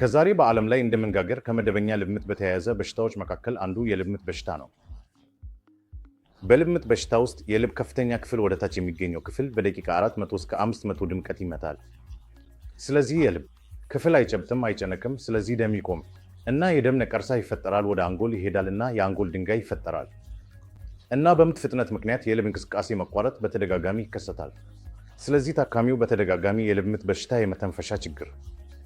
ከዛሬ በዓለም ላይ እንደምንጋገር ከመደበኛ ልብ በተያያዘ በሽታዎች መካከል አንዱ የልምጥ በሽታ ነው። በልብ በሽታ ውስጥ የልብ ከፍተኛ ክፍል ወደታች የሚገኘው ክፍል በደቂቃ 400 እስከ 500 ድምቀት ይመታል። ስለዚህ የልብ ክፍል አይጨብጥም፣ አይጨነቅም። ስለዚህ ደም ይቆም እና የደም ነቀርሳ ይፈጠራል፣ ወደ አንጎል ይሄዳል እና የአንጎል ድንጋይ ይፈጠራል እና በምት ፍጥነት ምክንያት የልብ እንቅስቃሴ መቋረጥ በተደጋጋሚ ይከሰታል። ስለዚህ ታካሚው በተደጋጋሚ የልብ ምት በሽታ፣ የመተንፈሻ ችግር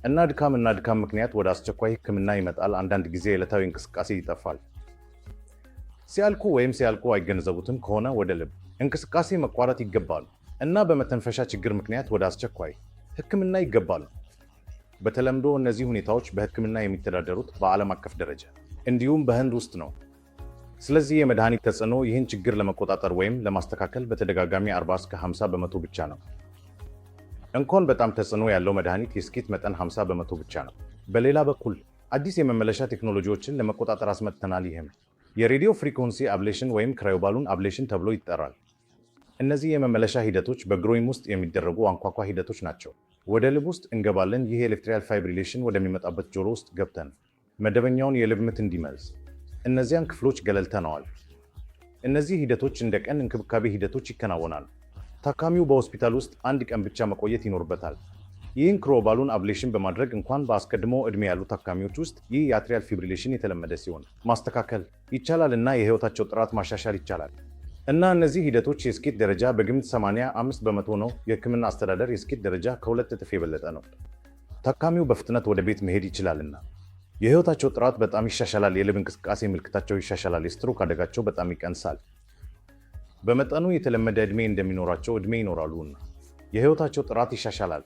እና ድካም እና ድካም ምክንያት ወደ አስቸኳይ ህክምና ይመጣል። አንዳንድ ጊዜ ዕለታዊ እንቅስቃሴ ይጠፋል። ሲያልኩ ወይም ሲያልቁ አይገነዘቡትም ከሆነ ወደ ልብ እንቅስቃሴ መቋረጥ ይገባሉ እና በመተንፈሻ ችግር ምክንያት ወደ አስቸኳይ ህክምና ይገባሉ። በተለምዶ እነዚህ ሁኔታዎች በህክምና የሚተዳደሩት በዓለም አቀፍ ደረጃ እንዲሁም በህንድ ውስጥ ነው። ስለዚህ የመድኃኒት ተጽዕኖ ይህን ችግር ለመቆጣጠር ወይም ለማስተካከል በተደጋጋሚ 40 እስከ 50 በመቶ ብቻ ነው። እንኳን በጣም ተጽዕኖ ያለው መድኃኒት የስኬት መጠን 50 በመቶ ብቻ ነው። በሌላ በኩል አዲስ የመመለሻ ቴክኖሎጂዎችን ለመቆጣጠር አስመጥተናል። ይህም የሬዲዮ ፍሪኮንሲ አብሌሽን ወይም ክራዮባሉን አብሌሽን ተብሎ ይጠራል። እነዚህ የመመለሻ ሂደቶች በግሮይም ውስጥ የሚደረጉ አንኳኳ ሂደቶች ናቸው። ወደ ልብ ውስጥ እንገባለን። ይህ ኤሌክትሪካል ፋይብሪሌሽን ወደሚመጣበት ጆሮ ውስጥ ገብተን መደበኛውን የልብ ምት እንዲመልስ እነዚያን ክፍሎች ገለልተነዋል። እነዚህ ሂደቶች እንደ ቀን እንክብካቤ ሂደቶች ይከናወናሉ። ታካሚው በሆስፒታል ውስጥ አንድ ቀን ብቻ መቆየት ይኖርበታል። ይህን ክሮባሉን አብሌሽን በማድረግ እንኳን በአስቀድሞ ዕድሜ ያሉ ታካሚዎች ውስጥ ይህ የአትሪያል ፊብሪሌሽን የተለመደ ሲሆን ማስተካከል ይቻላል እና የህይወታቸው ጥራት ማሻሻል ይቻላል። እና እነዚህ ሂደቶች የስኬት ደረጃ በግምት 85 በመቶ ነው። የህክምና አስተዳደር የስኬት ደረጃ ከሁለት እጥፍ የበለጠ ነው። ታካሚው በፍጥነት ወደ ቤት መሄድ ይችላልና የህይወታቸው ጥራት በጣም ይሻሻላል። የልብ እንቅስቃሴ ምልክታቸው ይሻሻላል። የስትሮክ አደጋቸው በጣም ይቀንሳል። በመጠኑ የተለመደ እድሜ እንደሚኖራቸው እድሜ ይኖራሉና የህይወታቸው ጥራት ይሻሻላል።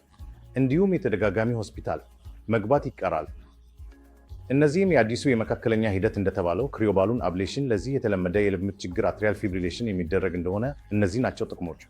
እንዲሁም የተደጋጋሚ ሆስፒታል መግባት ይቀራል። እነዚህም የአዲሱ የመካከለኛ ሂደት እንደተባለው ክሪዮባሉን አብሌሽን ለዚህ የተለመደ የልብ ምት ችግር አትሪያል ፊብሪሌሽን የሚደረግ እንደሆነ እነዚህ ናቸው ጥቅሞች።